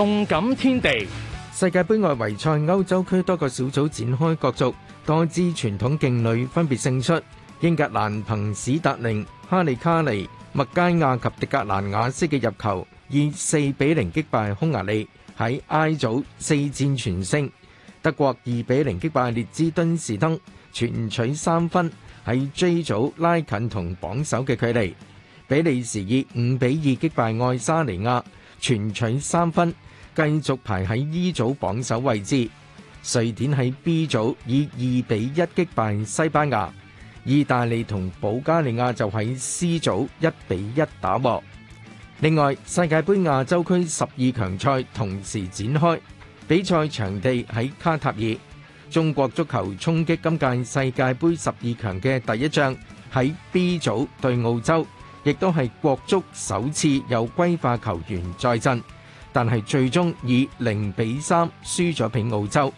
動感天地，世界盃外圍賽歐洲區多個小組展開角逐，多支傳統勁旅分別勝出。英格蘭憑史達寧、哈利卡尼、麥佳亞及迪格蘭雅斯嘅入球，以四比零擊敗匈牙利，喺 I 組四戰全勝。德國二比零擊敗列支敦士登，全取三分，喺 J 組拉近同榜首嘅距離。比利時以五比二擊敗愛沙尼亞。全取三分，繼續排喺 E 組榜首位置。瑞典喺 B 組以二比一擊敗西班牙，意大利同保加利亞就喺 C 組一比一打和。另外，世界盃亞洲區十二強賽同時展開，比賽場地喺卡塔爾。中國足球衝擊今屆世界盃十二強嘅第一仗喺 B 組對澳洲。亦都係國足首次有歸化球員在陣，但係最終以零比三輸咗俾澳洲。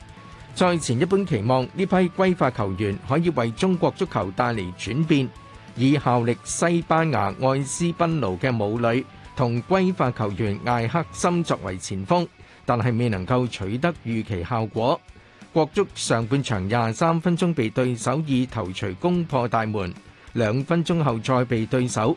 賽前一般期望呢批歸化球員可以為中國足球帶嚟轉變，以效力西班牙愛斯賓奴嘅武磊同歸化球員艾克森作為前鋒，但係未能夠取得預期效果。國足上半場廿三分鐘被對手以頭槌攻破大門，兩分鐘後再被對手。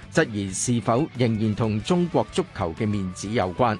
質疑是否仍然同中國足球嘅面子有關。